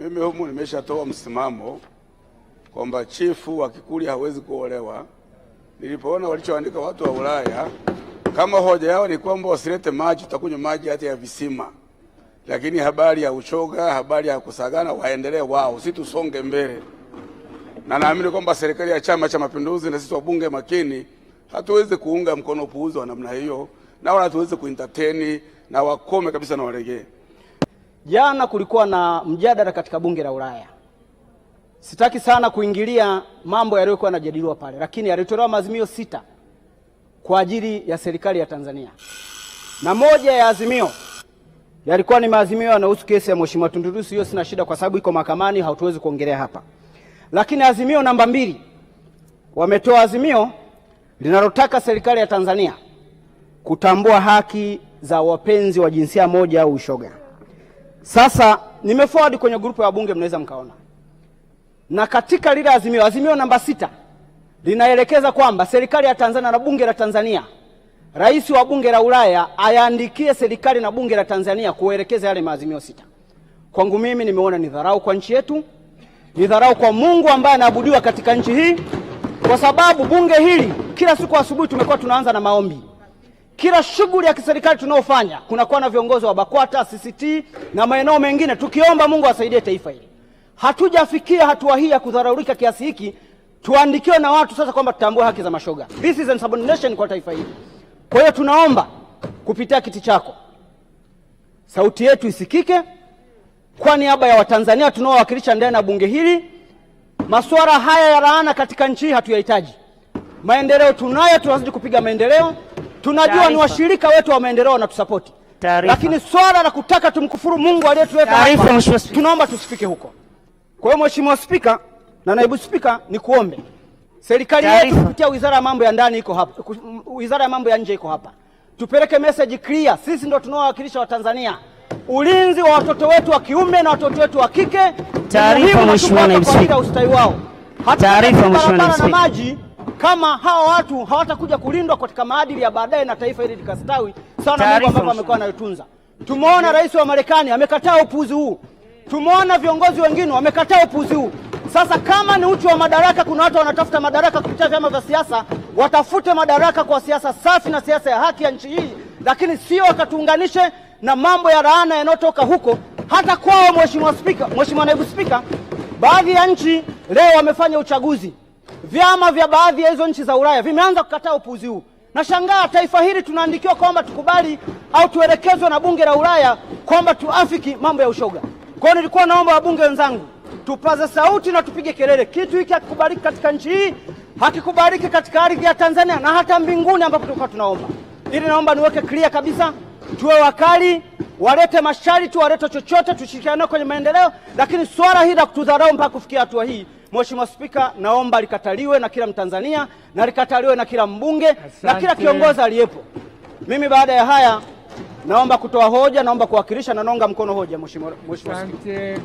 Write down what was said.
Mimi humu nimeshatoa msimamo kwamba chifu wa Kikurya hawezi kuolewa. Nilipoona walichoandika watu wa Ulaya kama hoja yao ni kwamba wasilete maji, tutakunywa maji hata ya visima, lakini habari ya uchoga, habari ya kusagana, waendelee wao, si tusonge mbele. Na naamini kwamba serikali ya Chama cha Mapinduzi na sisi wabunge makini hatuwezi kuunga mkono upuuzi wa namna hiyo, na wala hatuwezi kuentertain, na wakome kabisa na waregee Jana kulikuwa na mjadala katika bunge la Ulaya. Sitaki sana kuingilia mambo yaliyokuwa yanajadiliwa pale, lakini yalitolewa maazimio sita kwa ajili ya serikali ya Tanzania, na moja ya azimio yalikuwa ni maazimio yanayohusu kesi ya Mheshimiwa Tundu Lissu. Hiyo sina shida, kwa sababu iko mahakamani, hatuwezi kuongelea hapa. Lakini azimio namba mbili, wametoa azimio linalotaka serikali ya Tanzania kutambua haki za wapenzi wa jinsia moja au ushoga. Sasa nimeforward kwenye grupu ya wabunge, mnaweza mkaona, na katika lile azimio, azimio namba sita linaelekeza kwamba serikali ya Tanzania na bunge la Tanzania, rais wa bunge la Ulaya ayaandikie serikali na bunge la Tanzania kuelekeza yale maazimio sita. Kwangu mimi nimeona ni dharau kwa nchi yetu, ni dharau kwa Mungu ambaye anaabudiwa katika nchi hii, kwa sababu bunge hili kila siku asubuhi tumekuwa tunaanza na maombi kila shughuli ya kiserikali tunaofanya kunakuwa na viongozi wa BAKWATA, CCT na maeneo mengine, tukiomba Mungu asaidie taifa hili. Hatujafikia hatua hii ya kudharaulika kiasi hiki, tuandikiwe na watu sasa kwamba tutambue haki za mashoga. This is an subordination kwa taifa hili. Kwa hiyo tunaomba kupitia kiti chako, sauti yetu isikike kwa niaba ya Watanzania tunaowakilisha ndani ya bunge hili. Masuala haya ya laana katika nchi hii hatuyahitaji. Maendeleo tunayo, tunazidi kupiga maendeleo tunajua ni washirika wetu wa maendeleo wanatusapoti, lakini swala la kutaka tumkufuru Mungu aliyetuweka hapa tunaomba tusifike huko. Kwa hiyo Mheshimiwa Spika na Naibu Spika, nikuombe serikali yetu kupitia wizara ya mambo ya ndani iko hapa, wizara ya mambo ya nje iko hapa, tupeleke message clear, sisi ndio tunaowakilisha Watanzania. Ulinzi wa watoto wetu wa kiume na watoto wetu wa kike, taarifa Mheshimiwa Naibu Spika, ustawi wao, naibu spika, na maji kama hawa watu hawatakuja kulindwa katika maadili ya baadaye na taifa hili likastawi sana, Mungu ambavyo amekuwa anayotunza. Tumeona rais wa Marekani amekataa upuzi huu, tumeona viongozi wengine wamekataa upuzi huu. Sasa kama ni uchu wa madaraka, kuna watu wanatafuta madaraka kupitia vyama vya siasa, watafute madaraka kwa siasa safi na siasa ya haki ya nchi hii, lakini sio wakatuunganishe na mambo ya laana yanayotoka huko hata kwao. Mheshimiwa Spika, Mheshimiwa Naibu Spika, baadhi ya nchi leo wamefanya uchaguzi Vyama vya baadhi ya hizo nchi za Ulaya vimeanza kukataa upuzi huu. Nashangaa taifa hili tunaandikiwa kwamba tukubali au tuelekezwe na bunge la Ulaya kwamba tuafiki mambo ya ushoga. Kwa hiyo nilikuwa naomba wabunge wenzangu tupaze sauti na tupige kelele, kitu hiki hakikubaliki katika nchi hii, hakikubaliki katika ardhi ya Tanzania na hata mbinguni ambapo tulikuwa tunaomba. Ili naomba niweke clear kabisa, tuwe wakali, walete masharti, walete chochote, tushirikiane kwenye maendeleo, lakini swala hili la kutudharau mpaka kufikia hatua hii Mheshimiwa Spika, naomba likataliwe na kila Mtanzania na likataliwe na kila mbunge Asante. na kila kiongozi aliyepo. Mimi baada ya haya naomba kutoa hoja, naomba kuwakilisha na naunga mkono hoja Mheshimiwa Spika.